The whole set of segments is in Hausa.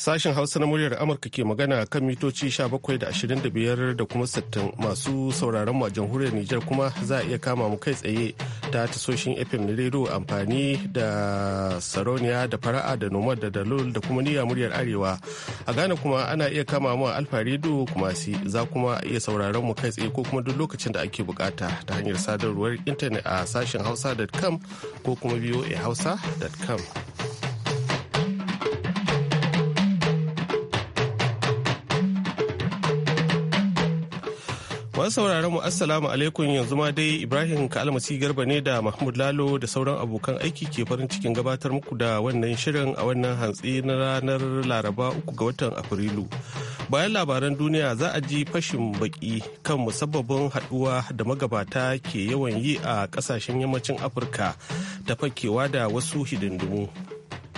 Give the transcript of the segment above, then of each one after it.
Sashen Hausa na muryar Amurka ke magana kan mitoci 17 da 25 da kuma 60 masu sauraron mu a jamhuriyar Nijar kuma za a iya kama mu kai tsaye ta tasoshin FM na rediyo amfani da sarauniya da fara'a da noma da dalol da kuma niyya muryar Arewa. A Ghana kuma ana iya kama mu a Alfa Redo kuma si za kuma iya sauraron mu kai tsaye ko kuma duk lokacin da ake bukata ta hanyar sadarwar intanet a sashen hausa.com ko kuma voahausa.com. Masu sauraron mu assalamu alaikum yanzu ma dai Ibrahim Kalmasi Garba ne da Mahmud Lalo da sauran abokan aiki ke farin cikin gabatar muku da wannan shirin a wannan hantsi na ranar Laraba uku ga watan Afrilu. Bayan labaran duniya za a ji fashin baki kan musabbabin haduwa da magabata ke yawan yi a kasashen yammacin Afirka ta fakewa da wasu hidindimu.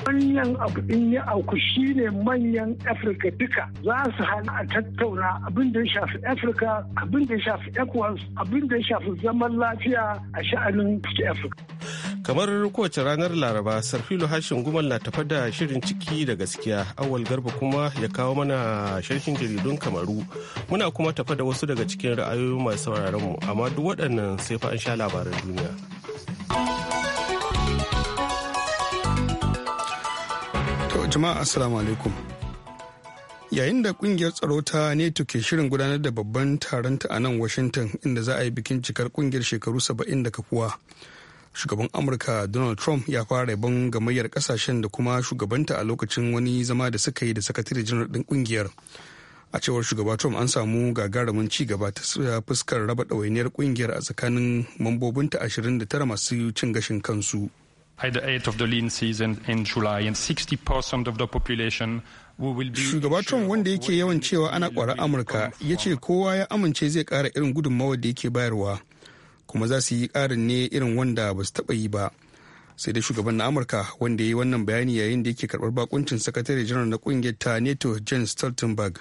manyan abu in ya auku shine manyan afirka duka za su hana a tattauna abin da ya shafi afirka abin da ya shafi ecowas abin da ya shafi zaman lafiya a sha'anin cikin afirka kamar kowace ranar laraba sarfilo hashin gumal na tafa da shirin ciki da gaskiya awal garba kuma ya kawo mana sharhin jaridun kamaru muna kuma tafa da wasu daga cikin ra'ayoyi masu sauraron mu amma duk waɗannan sai fa an sha labaran duniya jama'a assalamu alaikum yayin da kungiyar tsaro ta neto ke shirin gudanar da babban taron ta a nan washington inda za a yi bikin cikar kungiyar shekaru 70 da kakuwa shugaban amurka donald trump ya fara yabon gamayyar kasashen da kuma shugabanta a lokacin wani zama da suka yi da sakatare janar din kungiyar a cewar shugaba trump an samu gagarumin ci gaba ta uh, fuskar raba ɗawainiyar kungiyar a tsakanin mambobinta 29 masu cin gashin kansu at the of the lean season in July, and 60% of the population Shugaba Trump wanda yake yawan cewa ana kwara Amurka ya ce kowa ya amince zai ƙara irin gudunmawar da yake bayarwa kuma za su yi ƙarin ne irin wanda ba su taɓa yi ba. Sai dai shugaban na Amurka wanda ya yi wannan bayani yayin da yake karɓar bakuncin sakatare janar na ƙungiyar ta NATO Jens Stoltenberg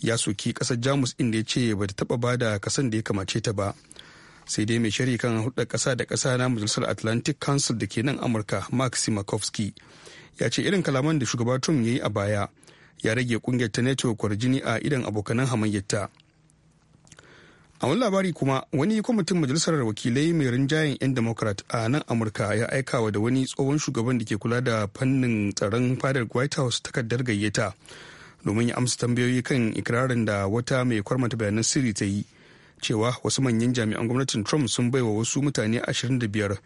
ya soki ƙasar Jamus inda ya ce ba ta taɓa bada da kasan da ya kamace ta ba. sai dai mai shari kan hulɗar ƙasa da ƙasa na majalisar atlantic council da ke nan amurka mark simakowski ya ce irin kalaman da shugaba trump ya yi a baya ya rage kungiyar ta neto kwarjini a idan abokanan hamayyata. a wani labari kuma wani kwamitin majalisar wakilai mai rinjayen 'yan democrat a nan amurka ya aikawa da wani tsohon shugaban da ke kula da fannin tsaron fadar white house takardar gayyata domin ya amsa tambayoyi kan ikirarin da wata mai kwarmata bayanan sirri ta yi cewa wasu manyan jami'an gwamnatin trump sun baiwa wasu mutane 25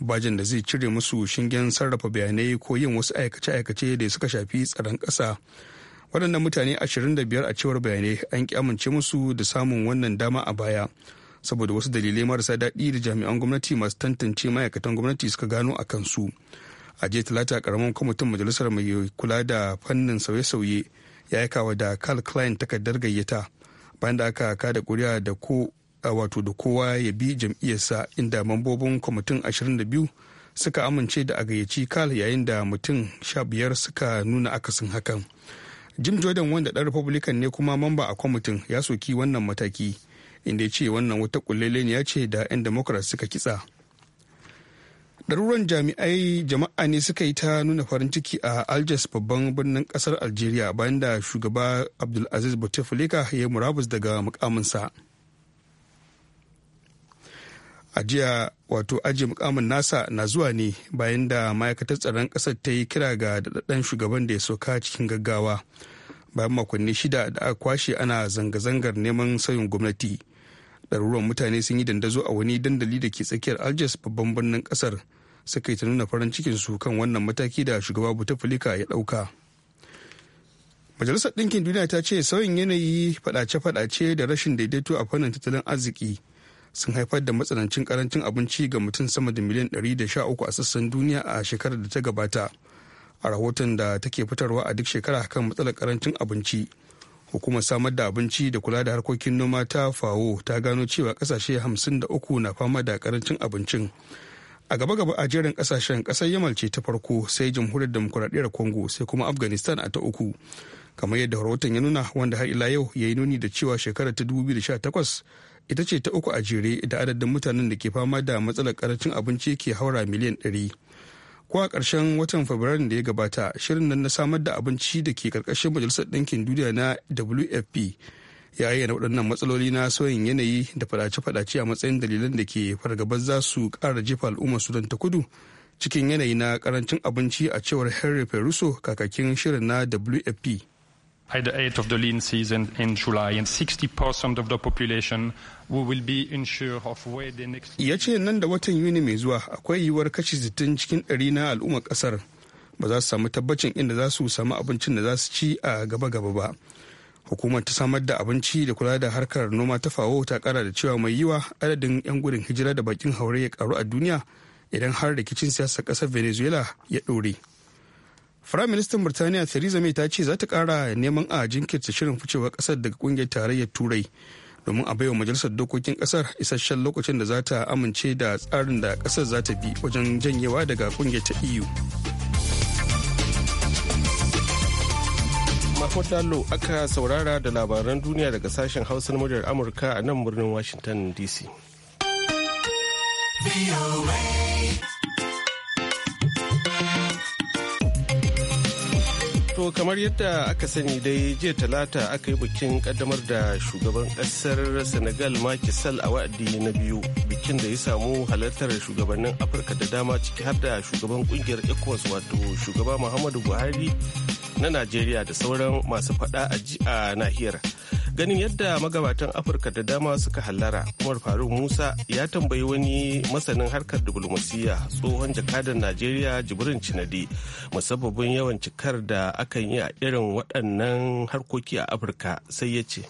bajin da zai cire musu shingen sarrafa bayanai ko yin wasu aikace-aikace da suka shafi tsaron kasa waɗannan mutane 25 a cewar bayanai an ki amince musu da samun wannan dama a baya saboda wasu dalilai marasa daɗi da jami'an gwamnati masu tantance ma'aikatan gwamnati suka gano a kansu a jiya talata karamin kwamitin majalisar mai kula da fannin sauye-sauye ya kawo da cal klein takardar gayyata bayan da aka kada kuri'a da ko wato da kowa ya bi jam'iyyarsa inda mambobin kwamitin 22 suka amince da a gayyaci kal yayin da mutum 15 suka nuna akasin hakan jim jordan wanda dan republican ne kuma mamba a kwamitin ya soki wannan mataki inda ya ce wannan wata kullele ne ya ce da 'yan democrat suka kitsa ɗaruran jami'ai jama'a ne suka yi ta nuna farin ciki a algiers babban birnin kasar algeria bayan da shugaba abdulaziz bouteflika ya murabus daga mukaminsa a jiya wato ajiye mukamin nasa na zuwa ne bayan da ma'aikatar tsaron ƙasar ta yi kira ga daɗaɗɗen shugaban da ya sauka cikin gaggawa bayan makonni shida da aka kwashe ana zanga-zangar neman sauyin gwamnati ɗaruruwan mutane sun yi dandazo a wani dandali da ke tsakiyar algiers babban birnin ƙasar suka yi ta nuna farin cikin su kan wannan mataki da shugaba Bouteflika ya ɗauka majalisar ɗinkin duniya ta ce sauyin yanayi faɗace-faɗace da rashin daidaito a fannin tattalin arziki sun haifar da matsanancin karancin abinci ga mutum sama da miliyan 113 a sassan duniya a shekarar da ta gabata a rahoton da take fitarwa a duk shekara kan matsalar karancin abinci hukumar samar da abinci da kula da harkokin noma ta fawo ta gano cewa kasashe uku na fama da karancin abincin a gaba-gaba a jerin kasashen kasar yamal ce ta farko sai jamhuriyar demokuraɗiyyar congo sai kuma afghanistan a ta uku kamar yadda rahoton ya nuna wanda har ila yau ya yi nuni da cewa shekarar ta 2018 ita ce ta uku a jere da adadin mutanen da ke fama da matsalar karancin abinci ke haura miliyan ɗari ko a ƙarshen watan fabrairun da ya gabata shirin nan na samar da abinci da ke karkashin majalisar ɗinkin duniya na wfp ya ayyana waɗannan matsaloli na sauyin yanayi da fadace-fadace a matsayin dalilan da ke fargabar za su ƙara jefa al'ummar sudan ta kudu cikin yanayi na karancin abinci a cewar henry peruso kakakin shirin na wfp the of the lean season population will be Ya ce nan da watan Yuni mai zuwa akwai yiwuwar kashi 60 cikin ɗari na al'umma kasar ba za su samu tabbacin inda za su samu abincin da za su ci a gaba-gaba ba. hukumar ta samar da abinci da kula da harkar noma ta fawo ta kara da cewa mai yiwa adadin 'yan gudun hijira da bakin haure ya karu a duniya idan har rikicin siyasar kasar venezuela ya ɗore firayim ministan birtaniya theresa may ta ce za ta kara neman a jinkirta shirin ficewar kasar daga kungiyar tarayyar turai domin a baiwa majalisar dokokin kasar isasshen lokacin da za ta amince da tsarin da kasar za ta bi wajen janyewa daga kungiyar ta eu Mahmud lo aka saurara da labaran duniya daga sashen Hausa na muryar Amurka a nan birnin Washington DC. To kamar yadda aka sani dai jiya talata aka yi bikin kaddamar da shugaban kasar Senegal Macky Sall a wa'adi na biyu bikin da ya samu halartar shugabannin Afirka da dama ciki har da shugaban kungiyar ECOWAS wato shugaba Muhammadu Buhari na najeriya da sauran masu fada a nahiyar ganin yadda magabatan afirka da dama suka hallara umar faruk musa ya tambayi wani masanin harkar diplomasiya tsohon jakadan najeriya jibrin cinadi musabbabin yawan cikar da akan yi a irin waɗannan harkoki a afirka sai ya ce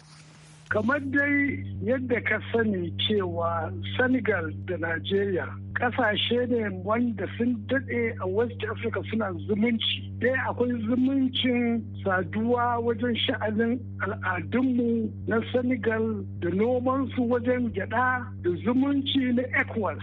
kamar dai yadda ka sani cewa senegal da nigeria kasashe ne wanda sun daɗe a west africa suna zumunci dai akwai zumuncin saduwa wajen sha'anin al'adunmu na senegal da nomansu wajen gyada da zumunci na ecowas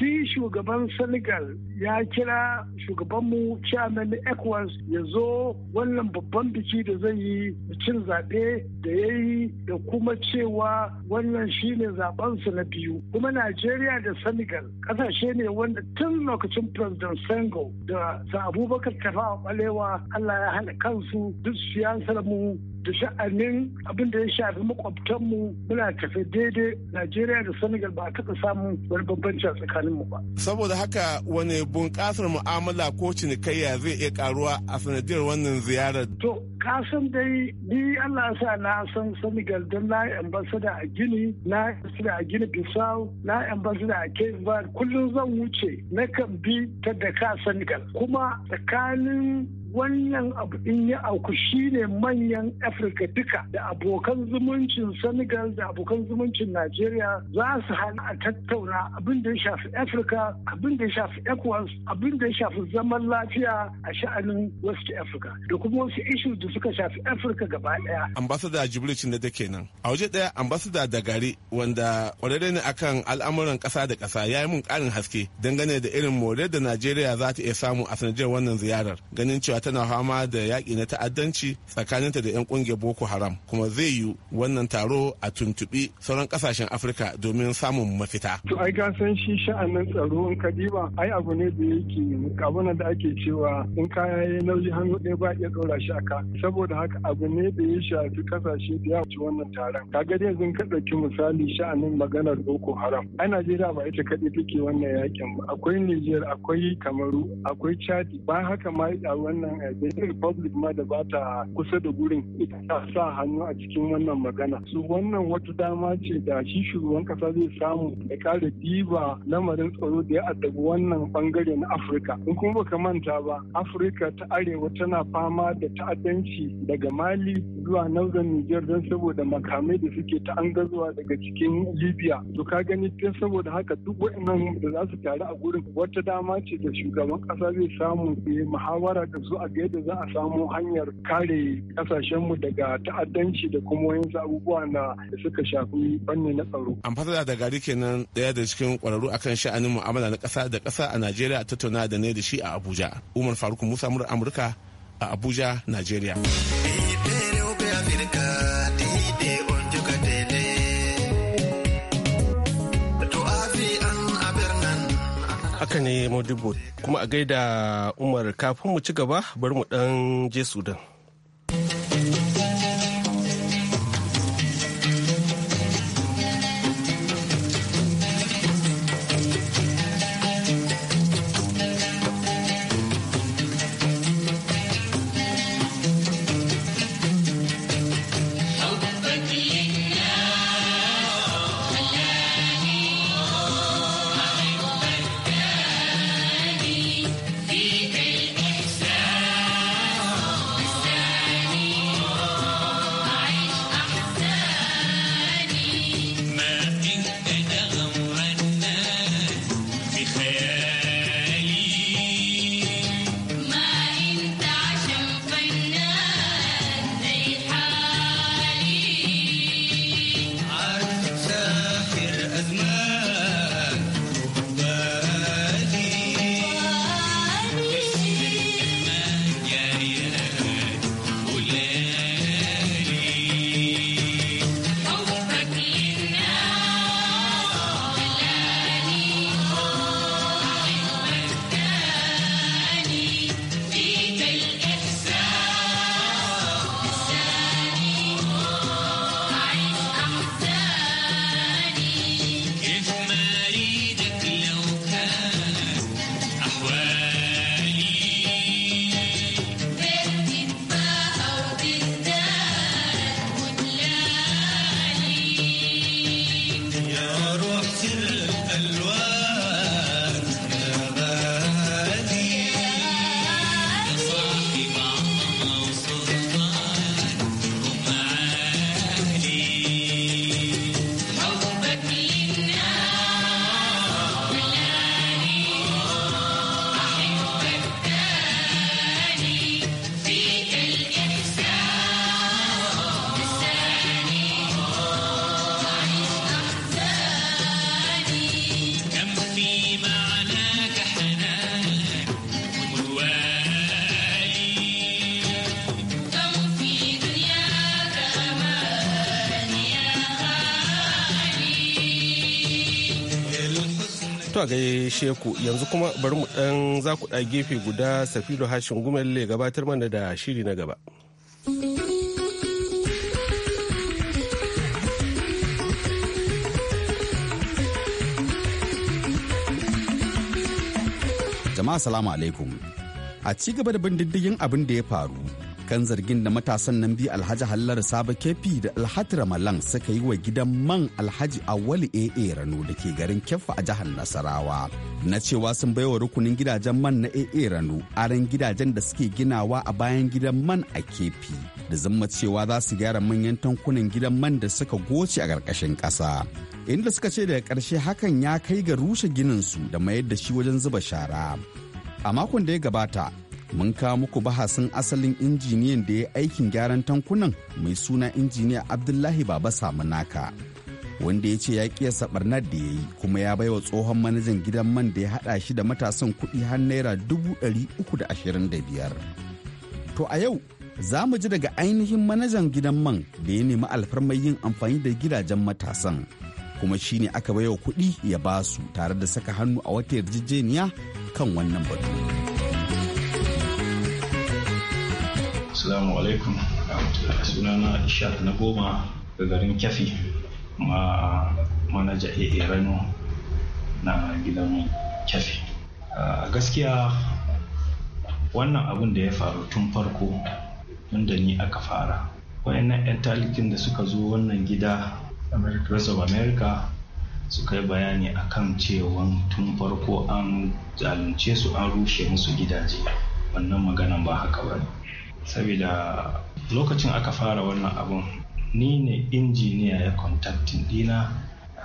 shi shugaban senegal ya kira shugabanmu chairman ecowas ya zo wannan babban biki da zai yi cin zaɓe da ya yi da kuma cewa wannan shine zaɓensu na biyu kuma najeriya da senegal ƙasashe ne wanda tun lokacin president Sango da sa abubakar tafawa ɓalewa allah ya hana kansu duk siyasar mu da sha'anin abin da ya shafi makwabtanmu muna tafi daidai Najeriya da Senegal ba a taɓa samun wani bambanci a mu ba. Saboda haka wani bunƙasar mu'amala ko cinikayya zai iya karuwa a sanadiyar wannan ziyarar. To kasan dai ni Allah sa na san Senegal don na yi ambasada a Gini, na ambasada a Gini Bissau, na yi ambasada a Cape kullum zan wuce na kan bi ta da ka Senegal kuma tsakanin wannan abu in ya auku shine manyan afirka duka da abokan zumuncin senegal da abokan zumuncin najeriya za su hana a tattauna abin da ya shafi afirka abin da ya shafi ecuas abin da ya shafi zaman lafiya a sha'anin west africa da kuma wasu ishu da suka shafi afirka gaba daya ambassador jibril cin da kenan a waje daya ambassador gari wanda kwararre ne akan al'amuran kasa da kasa ya yi mun karin haske dangane da irin more da najeriya za ta iya samu a sanadiyar wannan ziyarar ganin cewa tana fama da yaƙi na ta'addanci tsakaninta da 'yan ƙungiyar boko haram kuma zai yi wannan taro a tuntuɓi sauran ƙasashen afirka domin samun mafita to ai ka san shi sha'anin tsaro in ka diba ai abu ne da yake abin da ake cewa in ka yayi nauyi hannu ɗaya ba iya ɗora shi aka saboda haka abu ne da ya shafi ƙasashe da yawa wannan taron kaga dai yanzu ka ɗauki misali sha'anin maganar boko haram Ai najeriya ba ita kaɗai take wannan yaƙin ba akwai niger akwai kamaru akwai chadi ba haka ma da wannan nan Benin eh, Republic ma da ba ta kusa da gurin ita sa hannu a cikin wannan magana. Su wannan wata dama ce da shi shugaban kasa zai samu da kare diba lamarin tsaro da ya addabi wannan bangare na Afirka. In kuma baka manta ba, Afirka ta Arewa tana fama da ta'addanci daga Mali zuwa Northern Niger don saboda makamai da suke ta an gazuwa daga cikin Libya. To ka gani ta saboda haka duk waɗannan da za su taru a gurin wata dama ce da shugaban kasa zai samu da muhawara da su a ga yadda za a samu hanyar kare kasashenmu daga ta'addanci da kuma wayansu abubuwa na da suka shafi fanni na tsaro. An fasa da gari kenan daya da cikin kwararru akan sha'anin mu'amala na ƙasa da kasa a Najeriya a tattauna da ne da shi a Abuja. Umar Faruk Musa Amurka a Abuja, Najeriya. haka ne modibo kuma a gaida umar kafin mu ci gaba bari mu dan je sudan zuwa ga sheku yanzu kuma bari mu dan za ku gefe guda safilo Hashin Gumelle gabatar mana da shiri na gaba. Jama'a salamu alaikum. A ci gaba da bin diddigin abin da ya faru kan zargin da matasan nan biyu alhaji hallar saba kefi da alhaji ramalan suka yi wa gidan man alhaji awali aa rano da ke garin kyaffa a jihar nasarawa na cewa sun baiwa rukunin gidajen man na aa rano aran gidajen da suke ginawa a bayan gidan man a kefi da zama cewa za su gyara manyan tankunan gidan man da suka goce a ƙarƙashin ƙasa inda suka ce daga ƙarshe hakan ya kai ga rushe ginin su da mayar da shi wajen zuba shara a makon da ya gabata mun kawo muku bahasin asalin injiniyan da ya aikin gyaran tankunan mai suna injiniya abdullahi baba samunaka wanda ya ce ya kiyasa barnar da ya yi kuma ya baiwa tsohon manajan gidan man da ya hada shi da matasan kuɗi har naira dubu ɗari uku da ashirin da biyar to a yau za mu ji daga ainihin manajan gidan man da ya nemi alfarmar yin amfani da gidajen matasan kuma shi ne aka baiwa kuɗi ya basu tare da saka hannu a wata yarjejeniya kan wannan batu. Assalamu alaikum. Sunana Ishaq na goma da garin Kyafi ma manaja AA Rano na gidan Kyafi. A gaskiya wannan abun da ya faru tun farko tunda ni aka fara. Wayannan 'yan talikin da suka zo wannan gida Rest of America suka yi bayani akan cewa tun farko an zalunce su an rushe musu gidaje. Wannan maganan ba haka ba ne. saboda lokacin aka fara wannan abun ni ne injiniya ya kontaktin dina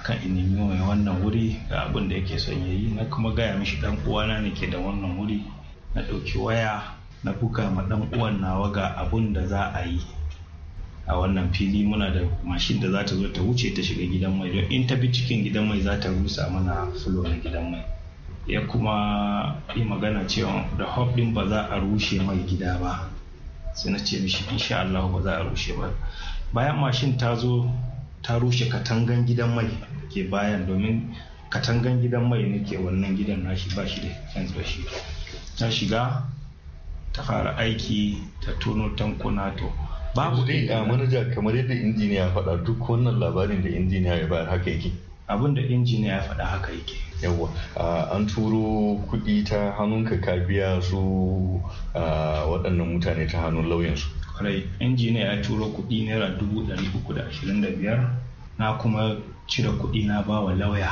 kan in nemi mai wannan wuri ga abin da yake son ya yi, na kuma gaya mishi dan uwana ne ke da wannan wuri na ɗauki waya na buga ma dan uwan nawa ga abun da za a yi a wannan fili muna da mashin da za ta zo ta wuce ta shiga gidan mai don in ta bi cikin gidan mai za ta rusa mana fulo na gidan mai ya kuma yi magana cewa da hob din ba za a rushe mai gida ba sai na ce mishi insha Allah ba za a rushe ba bayan mashin ta zo ta rushe katangan gidan mai ke bayan domin katangan gidan mai ne ke wannan gidan nashi ba shi da fence ba shi ta shiga ta fara aiki ta tono tankuna to babu dai a manaja kamar yadda injiniya faɗa duk wannan labarin da injiniya ya bayar haka yake abun da injiniya ya faɗa haka yake yawwa an turo kuɗi ta hannunka ka biya su waɗannan mutane ta hannun lauyansu kwarai injiniya ya turo kuɗi naira dubu ɗari uku da ashirin da biyar na kuma cire kuɗi na ba wa lauya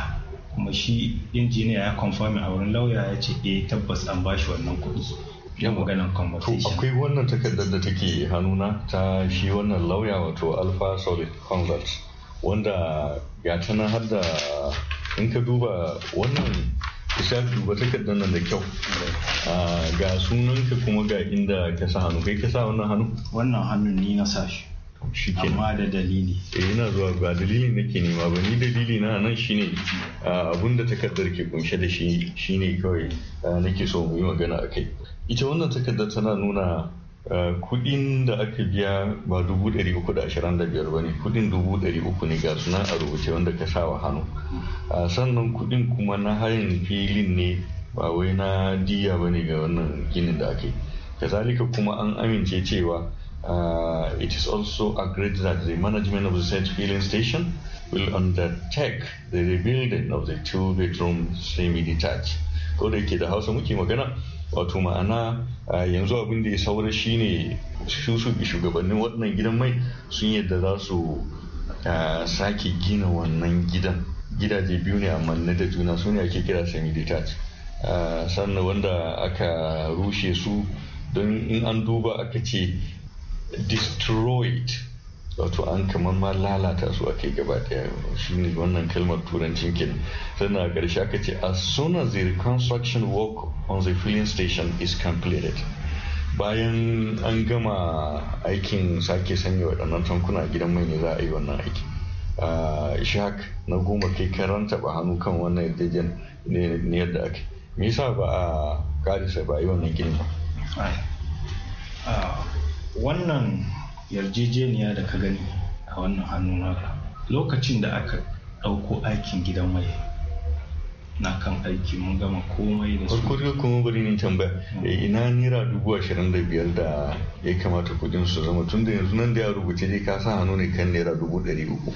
kuma shi injiniya ya confirm a wurin lauya ya ce eh tabbas an bashi wannan kuɗi ya maganan akwai wannan takardar da take hannuna ta shi wannan lauya wato alpha solid convert wanda ga tana hada har da in ka duba wannan lissafi duba takardar nan da kyau ah, ga sunanka kuma ga inda ka sa hannu kai ka sa wannan hannu wannan hannun ni na sa shi amma da dalili eh ina zuwa ba dalili nake nema ba ni dalili na nan shine mm. ah, abun da takardar ke kunshe da shi shine kawai ah, nake so mu yi magana kai ita wannan takardar tana nuna Eh, kudin da aka biya ba dubu ɗari uku da ashirin da biyar ba ne kudin dubu ɗari uku ne ga na a rubuce wanda ka sa wa hannu sannan kudin kuma na hayan filin ne ba wai na diya ba ne ga wannan ginin da aka yi kazalika kuma an amince cewa it is also agreed that the management of the said filling station will undertake the rebuilding of the two bedroom semi detached ko da yake da hausa muke magana wato ma'ana yanzu abin da ya saura shine su shugabannin waɗannan gidan mai sun yadda za su sake gina wannan gidan gidaje biyu ne amma na da juna su ne ake kira semi detached sannan wanda aka rushe su don in an duba aka ce destroyed wato an kamar ma lalata su ake gaba daya shi ne wannan kalmar turancin ke tana ƙarshe aka ce as soon as the reconstruction work on the filling station is completed bayan an gama aikin sake sanya waɗannan tankuna gidan mai za a yi wannan aiki shak na goma kai karan taɓa hannu kan wannan yadajen ne yadda ake me yasa ba a ƙarisa ba yi wannan gini ba wannan yarjejeniya da ka gani a wannan hannu naka lokacin da aka ɗauko aikin gidan mai na kan aiki mun gama komai da su farko da kuma bari ne tambaya eh, ina naira dubu ashirin da biyar da ya kamata kudin su zama tunda yanzu nan da ya rubuce dai ka sa hannu ne kan naira dubu ɗari uku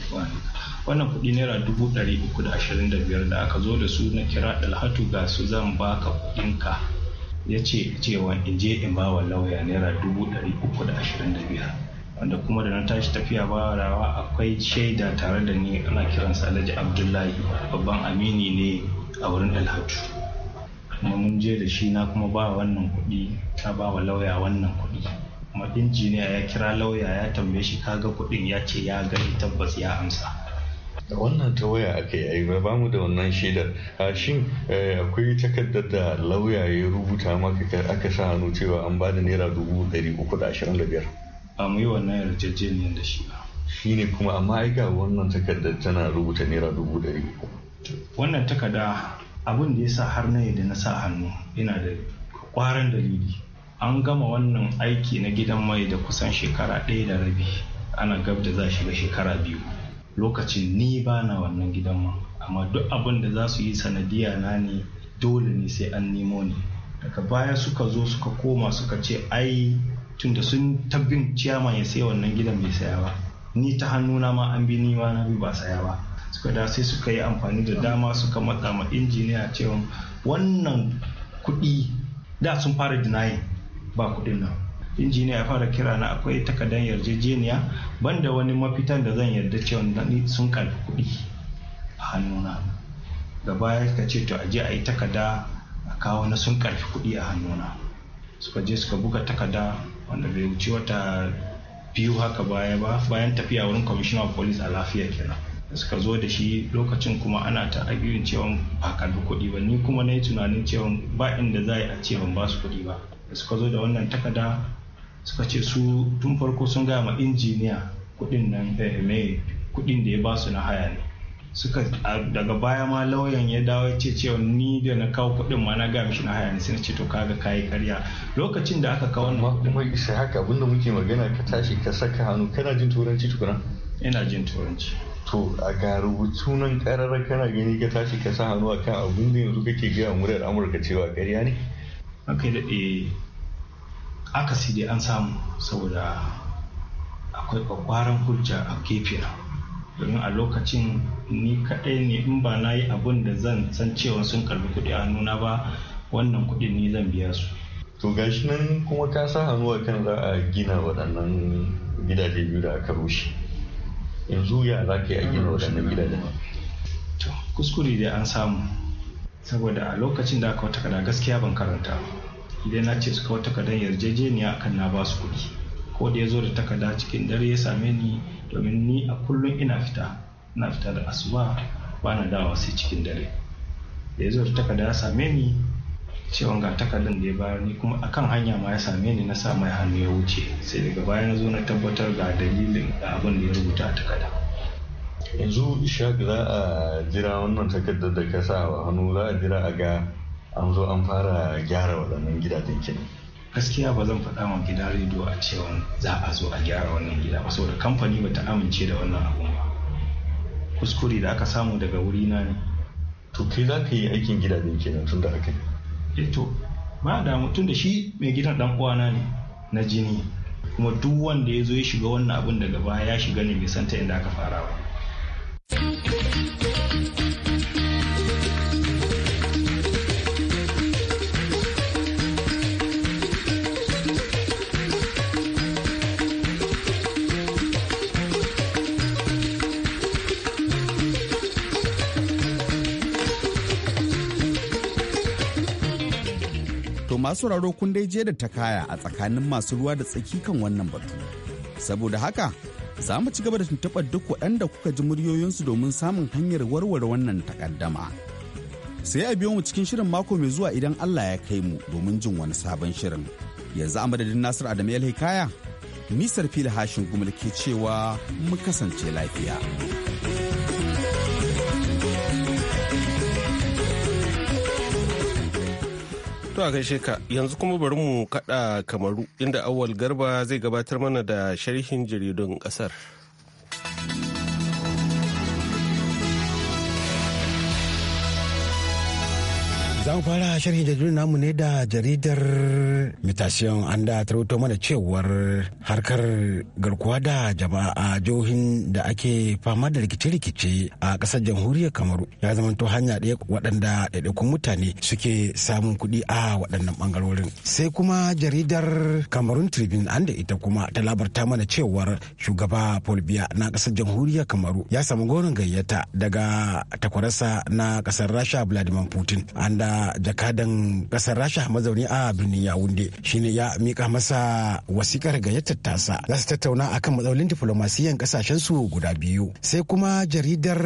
wannan kuɗi naira dubu ɗari uku da ashirin da biyar da aka zo da su na kira dalhatu ga su zan baka kudinka ya ce cewa in je in ba wa lauya naira dubu ɗari uku da ashirin da biyar wanda kuma da na tashi tafiya ba rawa akwai shaida tare da ni ana kiransa alhaji abdullahi babban amini ne a wurin dalhatu kuma mun je da shi na kuma ba wannan kuɗi ta ba wa lauya wannan kuɗi kuma injiniya ya kira lauya ya tambaye shi kaga kuɗin ya ce ya gani tabbas ya amsa da wannan ta waya aka yi ba ba mu da wannan shaidar a shin eh, akwai takardar da lauya ya rubuta maka aka sa hannu cewa an ba da naira dubu ɗari uku da ashirin da biyar a mu yi wannan yarjejeniyar da shi shi ne kuma amma ai ga wannan takardar tana rubuta naira dubu ɗari wannan takarda abin da ya sa har na da na sa hannu yana da kwaran dalili an gama wannan aiki na gidan mai da kusan shekara ɗaya da rabi ana gab da za shiga shekara biyu lokacin ni ba na wannan gidan man amma duk abin da za su yi sanadiya na ne dole ne sai an nemo ni daga baya suka zo suka koma suka ce ai tunda sun tabbin ciyama ya sai wannan gidan bai saya ba ni ta hannuna ma an bi ni ma na bi ba saya ba suka da sai suka yi amfani da dama suka matsa ma injiniya cewa wannan kuɗi da sun fara dinayi ba kuɗin nan injiniya ya fara kira na akwai takardar yarjejeniya banda wani mafitan da zan yarda cewa sun karbi kuɗi a hannuna da baya ka ce to aje a yi takarda a kawo na sun karfi kuɗi a hannuna suka je suka buga takarda wanda bai wuce wata biyu haka baya ba bayan tafiya wurin kwamishina police a lafiya kenan suka zo da shi lokacin kuma ana ta agirin cewa ba karbi kuɗi ba ni kuma na yi tunanin cewa ba inda za a yi ce ban ba su kuɗi ba suka zo da wannan takarda suka ce su tun farko sun gaya ma injiniya kuɗin nan eh, kuɗin da ya ba su na haya ne suka daga baya ma lauyan ya dawo ya ce cewa ni da na kawo kuɗin ma na ga mishi na haya ne sai na ce to kaga kayi karya lokacin da aka kawo wannan kuma isa haka abinda muke magana ka tashi ka saka hannu kana jin turanci tukuna ina jin turanci to a ga rubutu nan kararra kana gani ka tashi ka sa hannu akan abin da yanzu kake gaya da amurka cewa karya ne aka daɗe akasi dai an samu saboda akwai kwakwaran hujja a gefe na domin a lokacin ni kaɗai ne in ba na yi abin da zan san cewa sun karbi kuɗi a nuna ba wannan kuɗin ni zan biya su to gashi nan kuma ka sa hannu a kan za a gina waɗannan gidaje biyu da aka rushe yanzu ya za ka yi a gina waɗannan gidajen to kuskure dai an samu saboda a lokacin da aka wata kada gaskiya ban karanta idan na ce suka wata kadan yarjejeniya akan na ba su kuɗi ko da ya zo da takarda cikin dare ya same ni domin ni a kullum ina fita ina fita da asuba ba na dawa sai cikin dare da ya zo da takarda ya same ni cewa ga takardar da ya bayar ni kuma akan hanya ma ya same ni na sa mai hannu ya wuce sai daga baya na zo na tabbatar ga dalilin da abin da ya rubuta a takarda yanzu ishaq za a jira wannan takardar da ka sa hannu za a jira a ga an zo an fara gyara waɗannan gidajen kenan gaskiya ba zan faɗa ma gidan rediyo a cewa za a zo a gyara wannan gida ba saboda kamfani ba ta amince da wannan abun ba kuskure da aka samu daga wuri na ne to kai za ka yi aikin gidajen kenan tun da aka yi E, to ba da mutum da shi mai gidan dan uwana ne na jini kuma duk wanda ya zo ya shiga wannan abun daga baya ya shiga ne bai san inda aka fara ba masu sauraro kun dai je da ta kaya a tsakanin masu ruwa da tsaki kan wannan batu. Saboda haka, za mu ci gaba da tuntuɓar duk waɗanda kuka ji muryoyinsu domin samun hanyar warware wannan takaddama. Sai a biyo mu cikin shirin mako mai zuwa idan Allah ya kai mu domin jin wani sabon shirin. Yanzu a madadin Nasiru Adamu ya kaya? Nisar fili Hashin Gumal ke cewa mu kasance lafiya. To a gaishe ka yanzu kuma bari mu kaɗa kamaru inda awal garba zai gabatar mana da sharhin jaridun ƙasar. Za mu fara sharhi da namu ne da jaridar Mutation an da tarwato mana cewar harkar garkuwa da jama'a a jihohin da ake fama da rikice-rikice a ƙasar jamhuriyar Kamaru ya zama zamanto hanya ɗaya waɗanda ɗaiɗaikun mutane suke samun kuɗi a waɗannan ɓangarorin. Sai kuma jaridar Kamarun Tribune an da ita kuma ta labarta mana cewar shugaba Paul na ƙasar jamhuriyar Kamaru ya samu gorin gayyata daga takwarasa na ƙasar Rasha Vladimir Putin an da jakadan kasar rasha mazauni a birnin yawunde shine ya mika masa wasikar gayyatar tasa za su tattauna akan matsalolin diflomasiyan kasashen su guda biyu sai kuma jaridar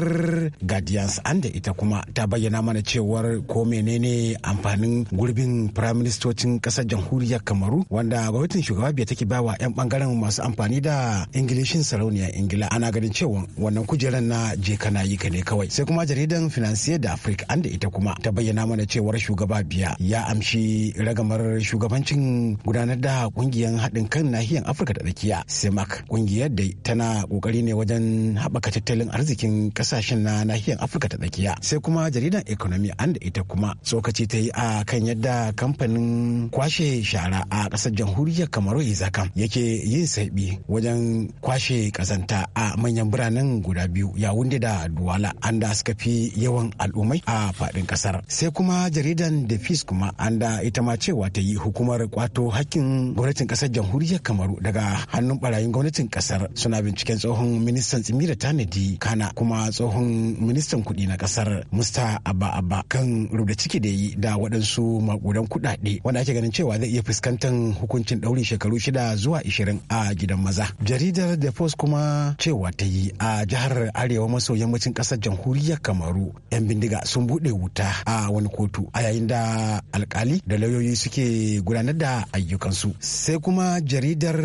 guardians an da ita kuma ta bayyana mana cewar ko menene amfanin gurbin firaministocin kasar jamhuriyar kamaru wanda gwamnatin shugaba biya take bawa 'yan bangaren masu amfani da ingilishin sarauniya ingila ana ganin cewa wannan kujeran na je kana yi ka ne kawai sai kuma jaridan financier da africa an da ita kuma ta bayyana mana cewa cewar shugaba biya ya amshi ragamar shugabancin gudanar da kungiyar haɗin kan nahiyar afirka da tsakiya semak kungiyar da tana kokari ne wajen haɓaka tattalin arzikin ƙasashen na nahiyar afirka ta tsakiya sai kuma jaridar economy an da ita kuma tsokaci ta yi a kan yadda kamfanin kwashe shara a ƙasar jamhuriyar kamaru izakam yake yin saiɓi wajen kwashe ƙazanta a manyan biranen guda biyu yawunde da duwala an da suka fi yawan al'ummai a faɗin ƙasar sai kuma jaridan da fis kuma an da ita ma cewa ta yi hukumar kwato hakkin gwamnatin kasar jamhuriyar kamaru daga hannun barayin gwamnatin kasar suna binciken tsohon ministan tsimira tanadi kana kuma tsohon ministan kuɗi na kasar musta abba abba kan rubda ciki da yi da waɗansu makudan kuɗaɗe wanda ake ganin cewa zai iya fuskantar hukuncin ɗaurin shekaru shida zuwa ishirin a gidan maza jaridar da post kuma cewa ta yi a jihar arewa maso yammacin kasar jamhuriyar kamaru yan bindiga sun buɗe wuta a wani kotu kotu a yayin da alkali da lauyoyi suke gudanar da ayyukansu sai kuma jaridar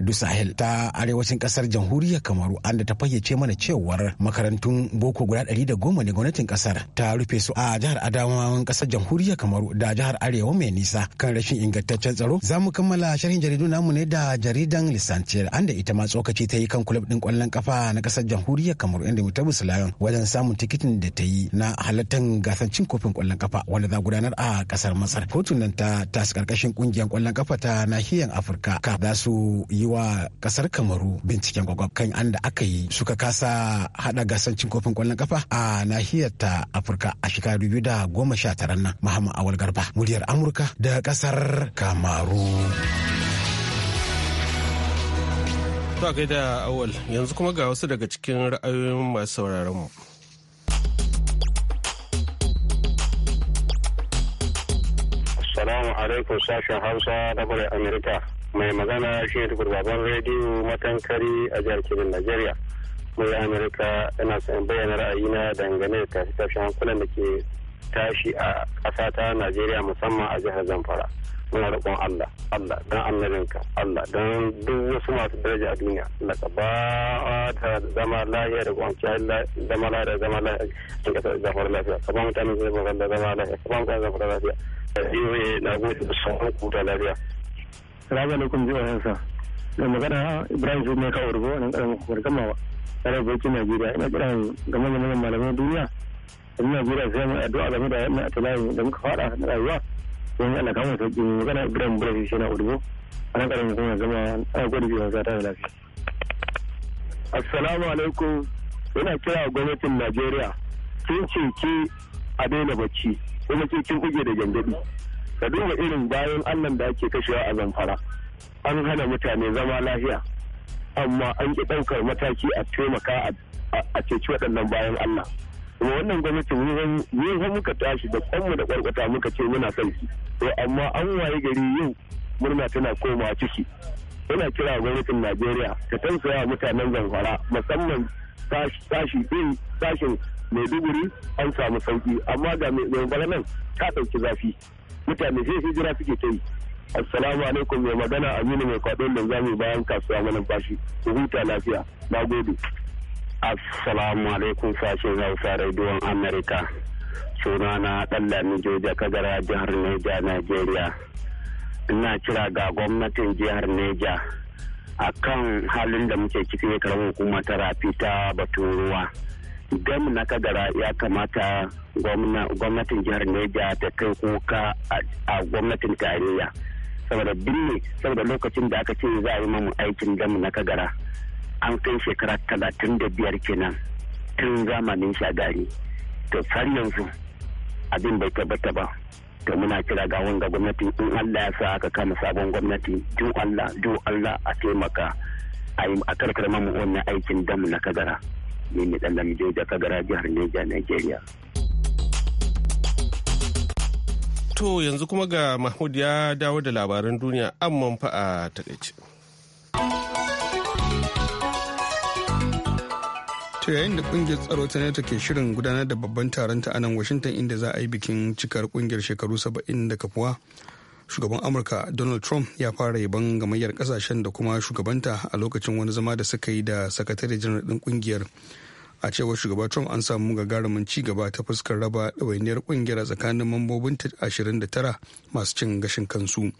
du sahel ta arewacin kasar jamhuriyar kamaru an da ta fayyace mana cewar makarantun boko guda ɗari da goma ne gwamnatin kasar ta rufe su a jihar adamawan kasar jamhuriyar kamaru da jihar arewa mai nisa kan rashin ingantaccen tsaro za mu kammala sharhin jaridu namu ne da jaridan lisanciyar an da ita ma tsokaci ta yi kan kulub ɗin kwallon ƙafa. na kasar jamhuriyar kamaru inda mutabu layon wajen samun tikitin da ta yi na halartar gasar kofin kwallon kafa wanda za gudanar a kasar masar kotunan nan ta tasi karkashin kungiyar kwallon kafa ta nahiyar afirka ka za su yi wa kasar kamaru binciken gwagwab kan an da aka yi suka kasa hada gasar cin kofin kwallon kafa a nahiyar ta afirka a shekaru biyu da goma sha tara nan muhammad awal garba muryar amurka da kasar kamaru Ta gaida awal yanzu kuma ga wasu daga cikin ra'ayoyin masu sauraron mu. Assalamu alaikum sashen Hausa na bare Amerika. Mai magana shi gurbaban rediyo matankari a jihar Kebbi, Najeriya. Mai Amerika yana son bayyana ra'ayina dangane da tashi tashi hankulan da ke tashi a ƙasa ta Najeriya musamman a jihar Zamfara. muna roƙon Allah Allah don annabinka Allah don duk wasu masu daraja a duniya Allah ka ba ta zama lafiya da kwanciyar zama lafiya da zama lafiya a kasar zafar lafiya ka ba mutane su ba da zama lafiya ka ba mutane zafar lafiya da iya na gudu da sauran kuta lafiya. Salamu alaikum jiwa yansa. Da magana Ibrahim Jumai mai kawo rubo nan karamin hukumar gamawa. Tare da yake Najeriya ina kiran game da malamai duniya. Ina jira sai mu addu'a game da yadda a talayin da muka fada na rayuwa. don ana kama sauƙi magana biran biran shi na urbo ana ƙaramin kuma zama a gwada biyu wasa ta lafiya. assalamu alaikum yana kira gwamnatin najeriya kin cinki a daina bacci kuma ke kin kuge da gyangyaɗi ka duba irin bayan allah da ake kashewa a zamfara an hana mutane zama lafiya amma an ki ɗaukar mataki a taimaka a ceci waɗannan bayan allah kuma wannan gwamnati mu fa muka tashi da kwanmu da kwarkwata muka ce muna son shi to amma an waye gari yau murna tana komawa ciki yana kira gwamnatin najeriya ta tausaya mutanen zamfara musamman sashi din sashin maiduguri an samu sauki amma ga zamfara nan ta dauki zafi mutane sai hijira suke ta yi assalamu alaikum mai magana aminu mai kwadon da zamu bayan kasuwa manan bashi ku huta lafiya na gode Assalamu alaikum sashen Hausa rediyon Amerika. Sunana Ɗallami Joja Kagara jihar Neja, Najeriya. Ina kira ga gwamnatin jihar Neja a kan halin da muke cikin karamar hukumar ta rafi ta batun ruwa. Dam na Kagara ya kamata gwamnatin jihar Neja ta kai kuka a gwamnatin tarayya. Saboda binne, saboda lokacin da aka ce za a yi mamu aikin dam na Kagara. an kai shekara talatin da biyar kenan tun zamanin shagari to har yanzu abin bai tabbata ba to muna kira ga wanga gwamnati in Allah ya sa aka kama sabon gwamnati du Allah du Allah a taimaka a karkarma mu wannan aikin damu na kagara ne ne dan lamjo da kagara jihar Neja Nigeria to yanzu kuma ga Mahmud ya dawo da labaran duniya amman fa a takaice To yayin da kungiyar tsaro ta neta ke shirin gudanar da babban taron ta a nan Washington inda za a yi bikin cikar kungiyar shekaru 70 da kafuwa. Shugaban Amurka Donald Trump ya fara yaban gamayyar kasashen da kuma shugabanta a lokacin wani zama da suka yi da sakatare janar ɗin kungiyar. A cewar shugaba Trump an samu gagarumin ci gaba ta fuskar raba ɗawainiyar kungiyar tsakanin mambobin 29 masu cin gashin kansu.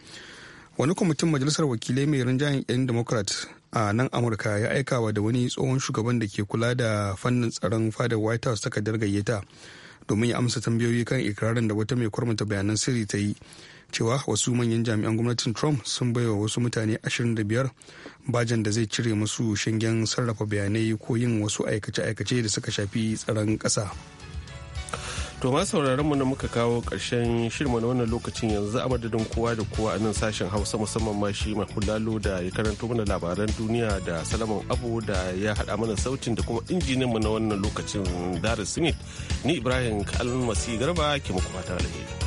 Wani kwamitin majalisar wakilai mai rinjayen 'yan Democrat a nan amurka ya aikawa da wani tsohon shugaban da ke kula da fannin tsaron fadar white house takardar gayyata domin ya amsa tambayoyi kan ikirarin da wata mai kwarmata bayanan sirri ta yi cewa wasu manyan jami'an gwamnatin trump sun baiwa wasu mutane 25 bajan da zai cire musu shingen sarrafa bayanai ko yin wasu aikace-aikace da suka shafi tsaron ƙasa. To ma sauraron mu na muka kawo ƙarshen shirma na wannan lokacin yanzu a madadin kowa da kowa a nan sashen Hausa musamman ma shi kullalo da ya karanto mana labaran duniya da Salaman Abu da ya haɗa mana sautin da kuma injinin mu na wannan lokacin Dara Smith ni Ibrahim Kalmasi Garba ke muku fata alheri.